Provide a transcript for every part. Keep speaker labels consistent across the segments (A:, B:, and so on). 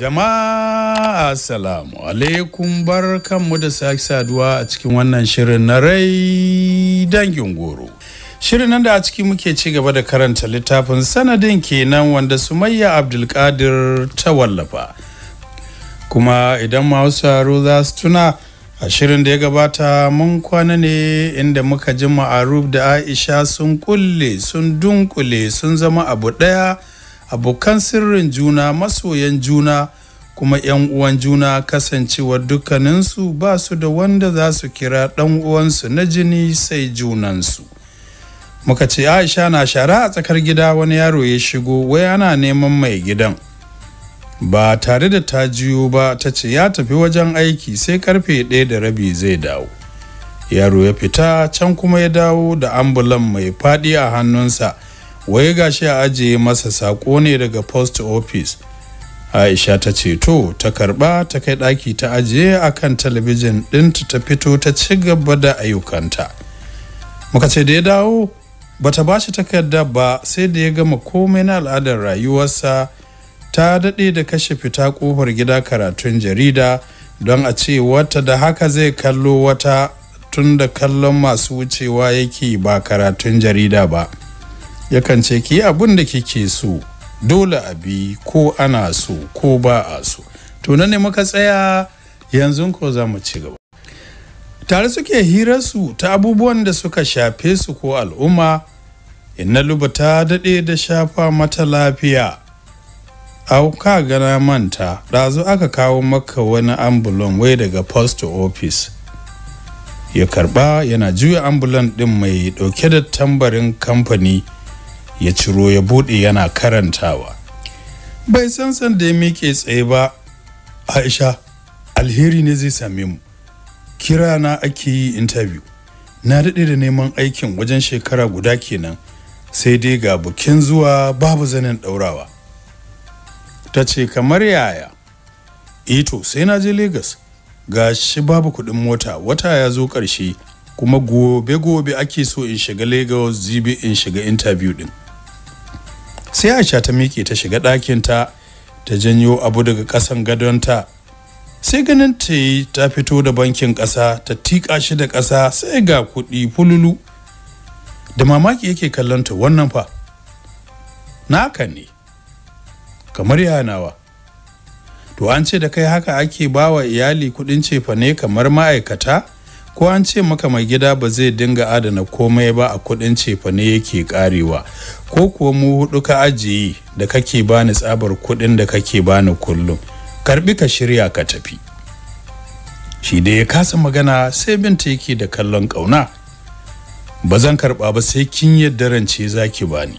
A: Jama'a Assalamu alaikum bar kanmu da sake saduwa a cikin wannan shirin na rai dangin goro. Shirin nan da a ciki muke ci gaba da karanta littafin sanadin kenan wanda Sumayya Abdulkadir ta wallafa. Kuma idan masu aro za su tuna a shirin da ya gabata mun kwana ne inda muka ji ma'aruf da Aisha sun kulle sun dunkule sun zama abu ɗaya. abokan sirrin juna masoyan juna kuma 'yan uwan juna kasancewa dukkaninsu ba su da wanda za su kira ɗan uwansu na jini sai junansu muka ce aisha na shara a tsakar gida wani yaro ya shigo wai ana neman mai gidan ba tare da ta jiyo ba ta ce ya tafi wajen aiki sai karfe ɗaya da rabi zai dawo yaro ya fita can kuma ya dawo da ambulan mai faɗi a hannunsa wai gashi a ajiye masa sako ne daga post office aisha ta ce to ta karba ta kai ɗaki ta ajiye akan talabijin ɗinta ta fito ta ci gaba da ayyukanta muka ce da ya dawo bata ba shi takarda ba sai da ya gama komai na al'adar rayuwarsa ta daɗe da kashe fita ƙofar gida karatun jarida don a ce wata da haka zai kallo wata tunda kallon masu wucewa yake ba karatun jarida ba. yakan ce ki abun da kike so dole a bi ko ana so ko ba a so to nan ne muka tsaya yanzu ko za mu ci gaba tare suke hirar su ta abubuwan da suka shafe su ko al'umma inna luba ta daɗe da shafa mata lafiya au ka gana manta ɗazu aka kawo maka wani ambulon wai daga post office ya karba yana juya ambulan ɗin mai ɗauke da tambarin kamfani ya ciro ya bude yana karantawa bai san san da ya miƙe tsaye ba aisha alheri ne zai same mu kira na ake yi interview na daɗe da neman aikin wajen shekara guda kenan sai dai ga bukin zuwa babu zanen ɗaurawa ta ce kamar yaya ito eh sai na je lagos ga shi babu kuɗin mota wata ya zo ƙarshe kuma gobe-gobe ake so in shiga lagos zibi in shiga interview ɗin sai aisha ta miƙe ta shiga ɗakinta ta janyo abu daga ƙasan gadonta sai ganin ta yi ta fito da bankin ƙasa ta tiƙa shi da ƙasa sai ga kuɗi fululu da mamaki yake kallon ta wannan fa naka ne kamar yanawa to an ce da kai haka ake bawa iyali kuɗin cefa ne kamar ma'aikata ko an ce maka mai gida ba zai dinga adana komai ba a kudin cefa ne yake karewa ko kuwa mu hudu ka ajiye da kake bani tsabar kudin da kake bani kullum karbi ka shirya ka tafi shi da ya kasa magana sai binta yake da kallon kauna ba zan karba ba sai kin yadda rance zaki bani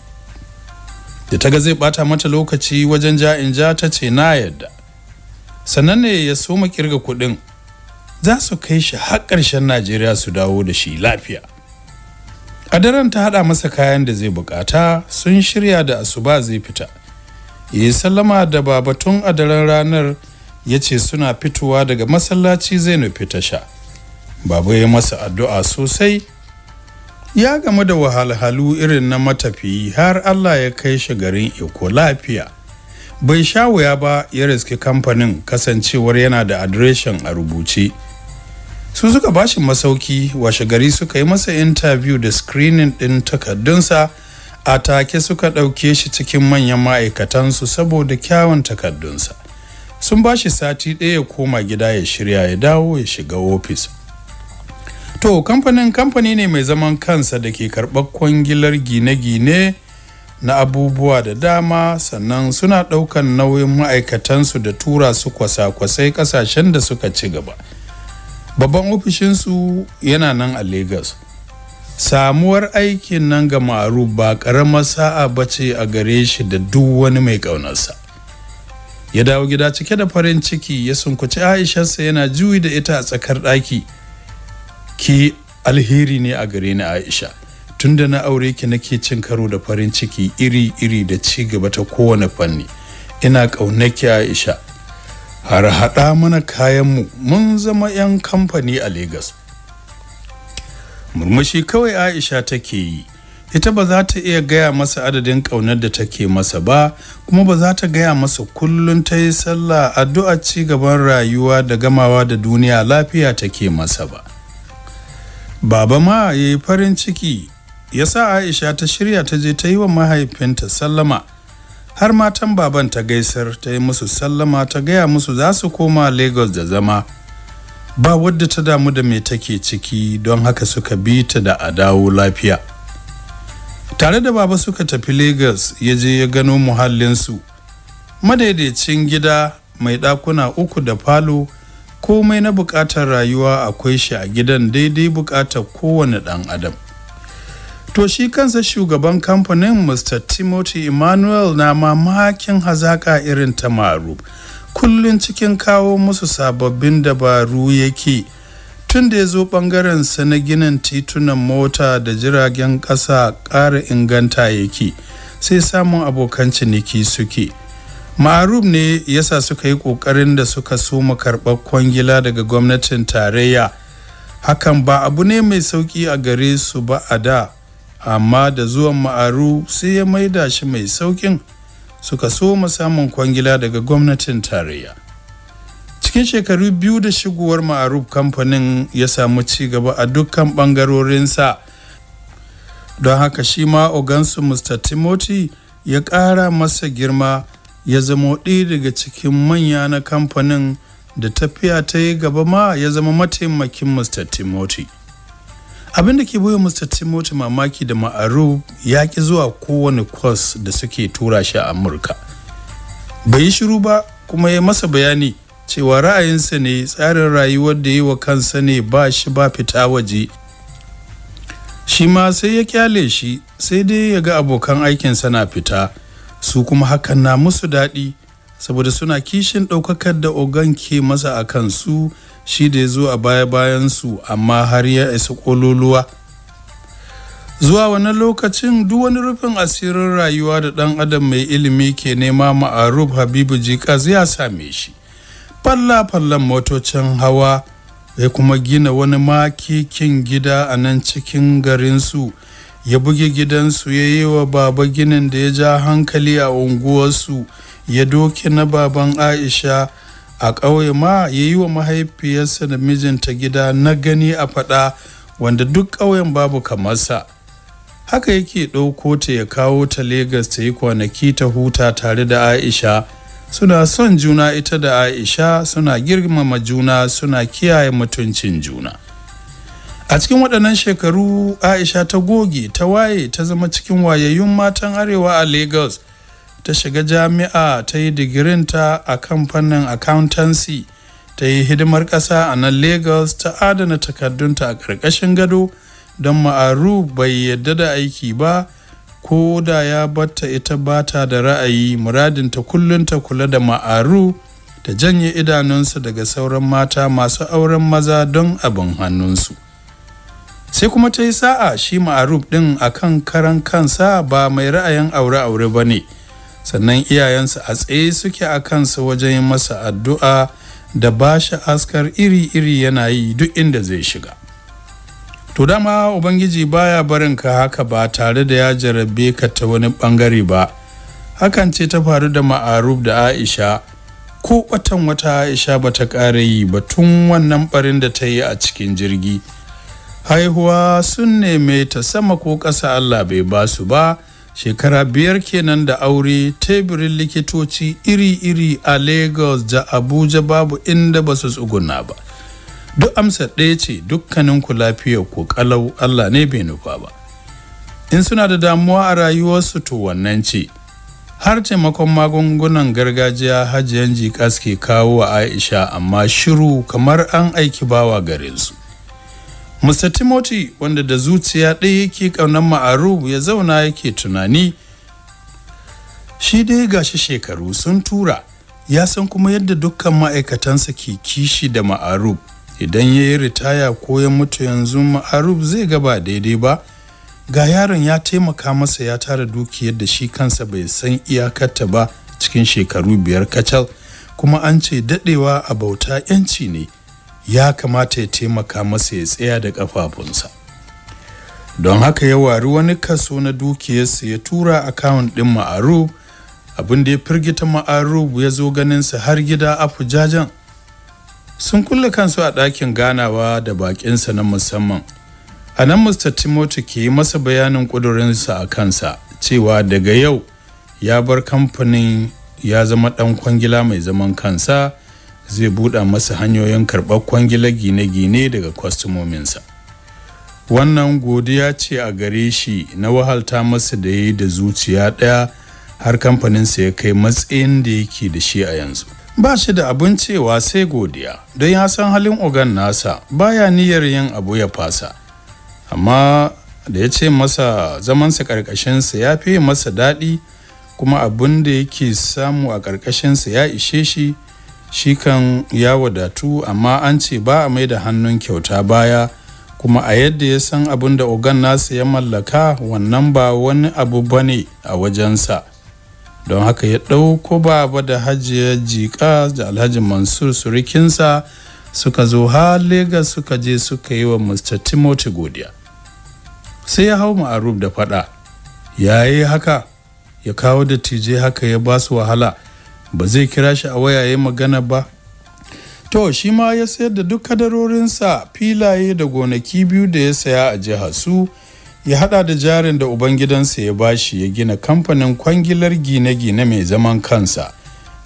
A: da ta ga zai bata mata lokaci wajen ja in ja ta ce na yadda sannan ne ya soma kirga kuɗin. za su kai shi har ƙarshen najeriya su dawo da shi lafiya a ta haɗa masa kayan da zai bukata sun shirya da asuba zai fita ya yi sallama da babatun a daren ranar ya ce suna fitowa daga masallaci zai nufi tasha baba ya masa addu'a sosai ya gamu da wahalhalu irin na matafiyi har allah ya kai shi garin eko lafiya bai sha wuya ba ya riske kamfanin kasancewar yana da adireshin a rubuce su suka bashi masauki washe gari suka yi masa interview da screening din takardunsa a take suka ɗauke shi cikin manyan ma'aikatansu saboda kyawun takardunsa sun bashi sati ɗaya ya koma gida ya shirya ya dawo ya shiga ofis to kamfanin kamfani ne mai zaman kansa da ke karɓar kwangilar gine-gine na abubuwa da dama sannan suna ɗaukan nauyin ma'aikatansu da tura su kwasa-kwasai ƙasashen da suka ci gaba. babban ofishinsu yana nan a lagos samuwar aikin nan ga maru ba ƙaramar sa'a bace a gare shi da duk wani mai ƙaunarsa ya dawo gida cike da farin ciki ya sunkuci aisharsa yana juyi da ita a tsakar ɗaki ki alheri ne a gare ni aisha tunda na aure ki nake cin karo da farin ciki iri-iri da ci gaba ta kowane fanni ina ki aisha har haɗa mana kayanmu mun zama 'yan kamfani a Legas. Murmushi kawai Aisha take yi, ita ba za ta iya gaya masa adadin ƙaunar da take masa ba, kuma ba za ta gaya masa kullum ta yi sallah addu'a ci gaban rayuwa da gamawa da duniya lafiya take masa ba. Baba ma ya yi farin ciki, ya sa Aisha ta shirya ta je ta yi wa mahaifinta sallama. har matan baban ta gaisar ta yi musu sallama ta gaya musu za su koma lagos da zama ba wadda ta damu da me take ciki don haka suka bi ta da a dawo lafiya tare da baba suka tafi lagos ya je ya gano muhallinsu madaidaicin gida mai ɗakuna uku da falo komai na buƙatar rayuwa akwai shi a gidan daidai buƙatar kowane ɗan adam To shi kansa shugaban kamfanin Mr. Timothy Emmanuel na mamakin hazaka irin ta marub. Kullum cikin kawo musu sababbin dabaru yake tun da ya zo ɓangarensa na ginin titunan mota da jiragen ƙasa ƙara inganta yake sai samun abokan ciniki suke. marub ne yasa suka yi ƙoƙarin da suka soma karɓar kwangila daga gwamnatin tarayya. Hakan ba abu ne mai sauƙi a gare su ba a da amma da zuwan ma'aru sai ya maida shi mai saukin suka so samun kwangila daga gwamnatin tarayya cikin shekaru biyu da shigowar ma'aruf kamfanin ya samu ci gaba a dukkan bangarorinsa don haka shi ma ogansu mr timothy ya ƙara masa girma ya zama ɗaya daga cikin manya na kamfanin da tafiya ta yi gaba ma ya zama mataimakin mr timothy abin da ke boye mr timothy mamaki da ma'aru ya ki zuwa kowane kwas da suke tura shi a amurka bai yi shiru ba kuma ya masa bayani cewa ra'ayinsa ne tsarin rayuwar da yi wa kansa ne ba shi ba fita waje shi ma sai ya kyale shi sai dai ya ga abokan aikinsa na fita su kuma hakan na musu daɗi saboda suna kishin ɗaukakar da ogan ke masa a kansu shi da ya zo a baya bayansu amma har ya isa kololuwa zuwa wani lokacin duk wani rufin asirin rayuwa da ɗan adam mai ilimi ke nema ma'aruf habibu zai ya same shi falla-fallan motocin hawa ya kuma gina wani makikin gida a nan cikin garinsu ya buge gidansu ya yi wa baba ginin da ya ja hankali a unguwarsu ya doke na baban aisha a ƙauye ma ya yi wa mahaifiyarsa da mijinta gida na gani a faɗa wanda duk ƙauyen babu kamarsa haka yake ɗauko ta ya kawo ta Legas ta yi kwanaki ta huta tare da Aisha suna son juna ita da Aisha suna girmama juna suna kiyaye mutuncin juna a cikin waɗannan shekaru Aisha ta goge ta waye ta zama cikin wayayyun matan arewa a Legas ta shiga jami'a ta yi digirinta a kamfanin accountancy ta yi hidimar ƙasa a nan lagos ta adana takardunta a ƙarƙashin gado don ma'aru bai yadda da aiki ba ko da ya batta ita bata da ra'ayi muradinta kullum ta kula da ma'aru ta janye idanunsa daga sauran mata masu auren maza don abin hannunsu sai kuma ta yi sa'a shi ma'aruf ɗin kan karan kansa ba mai ra'ayin aure-aure ba ne. sannan iyayensu a tsaye suke a kansa wajen yin masa addu'a da ba shi askar iri-iri yana yi duk inda zai shiga to dama ubangiji baya barin ka haka ba tare da ya jarabe ka ta wani bangare ba hakan ce ta faru da ma'aruf da aisha ko watan wata aisha ba ta ƙara yi ba tun wannan barin da ta yi a cikin jirgi haihuwa sun neme ta sama ko ƙasa allah bai basu ba shekara biyar kenan da aure teburin likitoci iri-iri a lagos da abuja babu inda ba su tsuguna ba duk amsa ɗaya ce dukkanin ku lafiyar ku kalau allah ne bai nufa ba in suna da damuwa a rayuwarsu to wannan ce har taimakon magungunan gargajiya hajiyan jikas ke kawo wa aisha amma shiru kamar an aiki bawa garinsu Mr. Timothy wanda da zuciya ɗaya yake ƙaunar ma'arub ya zauna yake tunani shi dai ga shi shekaru sun tura ya san kuma yadda dukkan ma'aikatansa ke kishi da ma'arub idan ya yi ritaya ko ya mutu yanzu ma'arub zai gaba daidai ba ga yaron ya taimaka masa ya tara dukiyar da shi kansa bai san iyakarta ba cikin shekaru biyar kacal kuma an ce dadewa a bauta yanci ne ya kamata ya taimaka masa ya tsaya da ƙafafunsa don haka ya wari wani kaso na dukiyarsa ya tura akawun ɗin ma'aru abin da ya firgita ma'aru ya zo ganinsa har gida afujajen sun kulle kansu a ɗakin ganawa da baƙinsa na musamman a nan mr timothy ke yi masa bayanin ƙudurinsa a kansa cewa daga yau ya bar kamfanin ya zama ɗan kwangila mai zaman kansa zai buɗa masa hanyoyin karɓar kwangila gine-gine daga kwastomominsa wannan godiya ce a gare shi na wahalta masa da ya yi da zuciya ɗaya har kamfaninsa ya kai matsayin da yake da shi a yanzu ba shi da abin cewa sai godiya don ya san halin ogan nasa baya niyyar yin abu ya fasa amma da ya ce masa zamansa ƙarƙashinsa ya fi masa daɗi kuma abin da yake samu a ƙarƙashinsa ya ishe shi shi kan ya wadatu amma an ce ba a mai da hannun kyauta baya kuma a yadda ya san abin da ogan nasa ya mallaka wannan ba wani abu ba ne a wajensa don haka ya ɗauko baba da ya jika da alhaji mansur surikinsa suka zo har Legas suka je suka yi wa Mr. Timothy godiya. Sai ya hau ma'arub da fada, ya haka, ya kawo da tije haka ya ba su wahala, ba zai kira shi a wayaye magana ba to shi ma ya sayar da duk kadarorinsa filaye da gonaki biyu da ya saya a jihar su ya hada da jarin da ubangidansa ya bashi ya gina kamfanin kwangilar gine-gine mai zaman kansa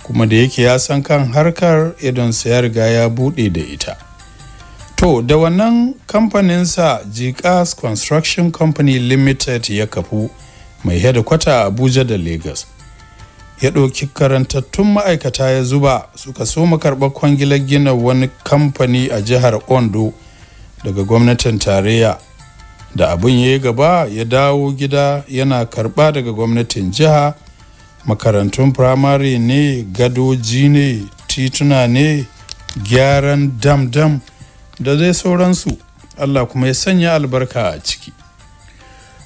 A: kuma da yake ya san kan harkar idon sayar ga ya bude da ita to da wannan kamfaninsa jikas construction company limited ya kafu mai hedikwata abuja da lagos ya ɗauki karantattun ma'aikata ya zuba suka so mu karɓar kwangilar gina wani kamfani a jihar ondo daga gwamnatin tarayya da abin ya yi gaba ya dawo gida yana karɓa daga gwamnatin jiha makarantun firamare ne gadoji ne tituna ne gyaran dam-dam da zai sauransu allah kuma ya sanya albarka a ciki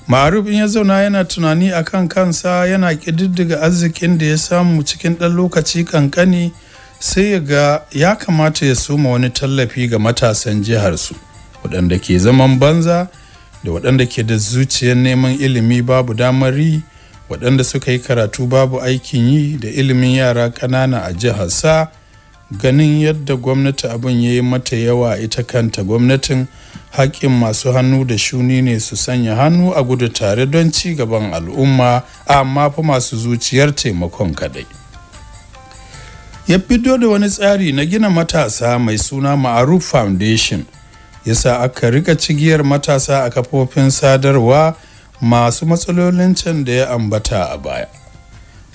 A: Ma'aruf in ya zauna yana tunani a kan kansa yana ƙididdiga arzikin da ya samu cikin ɗan lokaci ƙanƙani sai ya ga ya kamata ya soma wani tallafi ga matasan jiharsu waɗanda ke zaman banza da waɗanda ke da zuciyar neman ilimi babu damari waɗanda suka yi karatu babu aikin yi da ilimin yara ƙanana a jiharsa ganin yadda gwamnati abin ya yi mata yawa ita kanta gwamnatin haƙƙin masu hannu da shuni ne su sanya hannu a gudu tare don ci gaban al'umma amma fa masu zuciyar taimakon kadai ya fito da wani tsari na gina matasa mai suna ma'aruf foundation ya sa aka rika cigiyar matasa a kafofin sadarwa masu matsalolin can da ya ambata a baya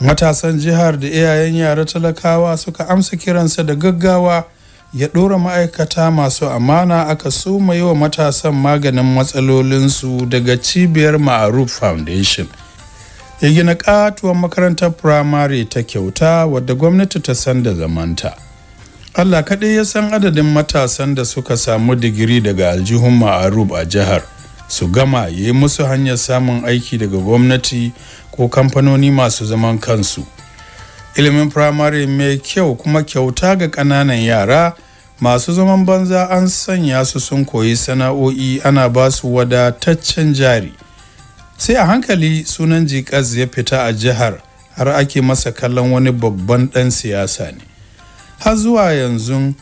A: matasan jihar da iyayen yara talakawa suka amsa kiransa da gaggawa ya ɗora ma'aikata masu amana aka suma yi wa matasan maganin matsalolinsu daga cibiyar ma'aruf foundation ya gina katuwar makarantar firamare ta kyauta wadda gwamnati ta san da zamanta allah kaɗai ya san adadin matasan da suka samu digiri daga aljihun ma'arub a jihar su gama ya yi musu hanyar samun aiki daga gwamnati ko kamfanoni masu zaman kansu ilimin firamare mai kyau kuma kyauta ga ƙananan yara masu zaman banza an sanya su sun koyi sana'o'i ana ba su wadataccen jari sai a hankali sunan jikas ya fita a jihar har ake masa kallon wani babban ɗan siyasa ne har zuwa yanzu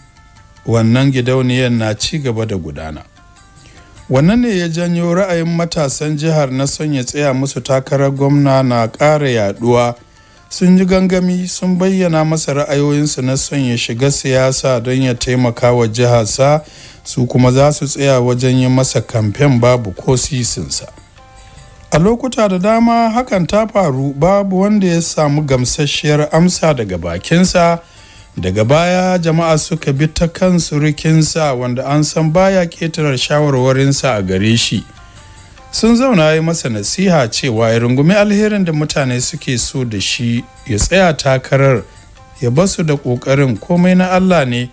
A: wannan gidauniyar na ci gaba da gudana wannan ne ya janyo ra'ayin matasan jihar na son ya tsaya musu takarar gwamna na ƙara yaduwa sun ji gangami sun bayyana masa ra'ayoyinsu na son ya shiga siyasa don ya taimaka wa jiharsa su kuma za su tsaya wajen yi masa kamfen babu ko sisinsa a lokuta da dama hakan ta faru babu wanda ya samu gamsasshiyar amsa daga bakinsa daga baya jama'a suka bi ta kan surukinsa wanda an san baya ƙetarar shawarwarinsa a gare shi. sun zauna yi masa nasiha cewa ya rungumi alherin da mutane suke so da shi ya tsaya takarar ya basu da ƙoƙarin komai na Allah ne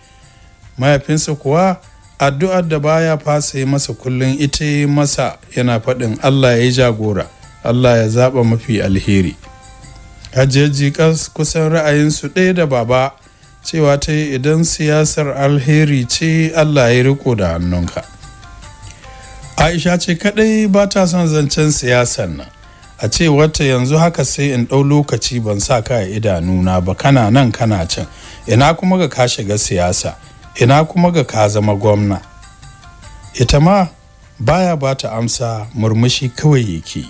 A: mahaifinsa kuwa addu'ar da baya fasa yi masa kullum ita yi masa yana faɗin Allah ya yi jagora Allah ya zaɓa mafi alheri hajjaji kusan ra'ayinsu ɗaya da baba cewa ta idan siyasar alheri ce Allah ya riko da hannunka. aisha ce kadai ba ta son zancen siyasan nan a ce wata yanzu haka sai in ɗau lokaci ban sa ka idanu na ba kana nan kana can ina kuma ga ka shiga siyasa ina kuma ga ka zama gwamna ita ma baya ba ta amsa murmushi kawai yake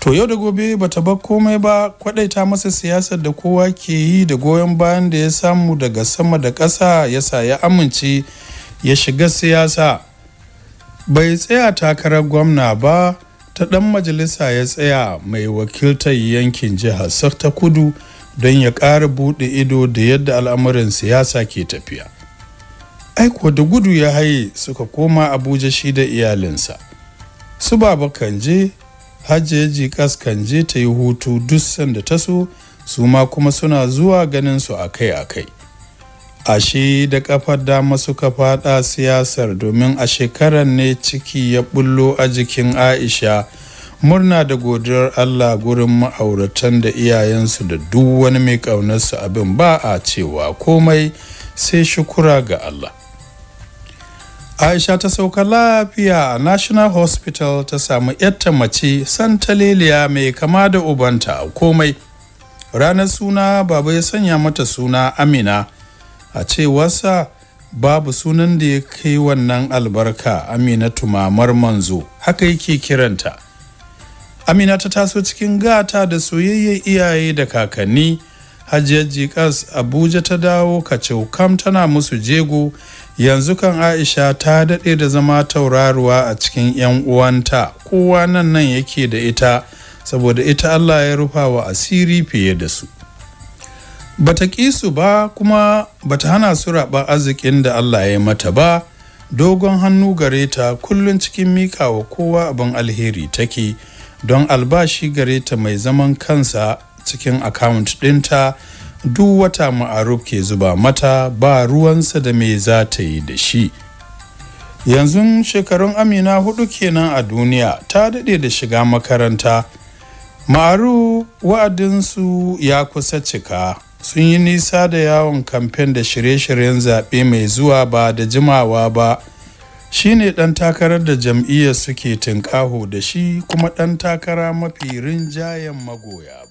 A: to yau da gobe ba ta bar komai ba kwadaita masa siyasar da kowa ke yi da goyon bayan da ya samu daga sama da ƙasa ya sa ya amince ya shiga siyasa bai tsaya takarar gwamna ba ta ɗan majalisa ya tsaya mai wakiltar yankin jihar ta kudu don ya ƙara buɗe ido da yadda al'amuran siyasa ke tafiya aiko da gudu ya haye suka koma abuja shi da iyalinsa su baba kanje hajjeji kas kanje ta yi hutu duk sanda ta so su ma kuma suna zuwa ganin su akai-akai ashe da kafar dama suka fada siyasar domin a shekarar ne ciki ya bullo a jikin aisha murna da godiyar allah gurin ma'auratan da iyayensu da duk wani mai ƙaunarsu abin ba a cewa komai sai shukura ga allah aisha ta sauka lafiya a national hospital ta samu yatta mace santaleliya mai kama da ubanta komai ranar suna baba ya sanya mata suna amina a cewarsa babu sunan da ya kai wannan albarka aminatu mamar manzo haka yake kiranta amina ta taso cikin gata da soyayyar iyaye da kakanni hajjiyar jikas abuja ta dawo kacaukam tana musu jego yanzu kan aisha ta daɗe da zama tauraruwa a cikin 'yan uwanta kowa nan nan yake da ita saboda ita allah ya rufa wa asiri fiye da su bata ƙi su ba kuma bata hana su raɓa arzikin da Allah ya mata ba dogon hannu gare ta kullum cikin mika wa kowa abin alheri take don albashi gare ta mai zaman kansa cikin akawunt ɗinta duk wata ma'aruf ke zuba mata ba ruwansa da me za ta yi da shi yanzu shekarun amina hudu kenan a duniya ta daɗe da shiga makaranta ma'aru wa'adinsu ya kusa cika sun yi nisa da yawon kamfen da shirye-shiryen zaɓe mai zuwa ba da jimawa ba shi ne ɗan takarar da jam'iyyar suke tunƙaho da shi kuma ɗan takara mafi rinjayen magoya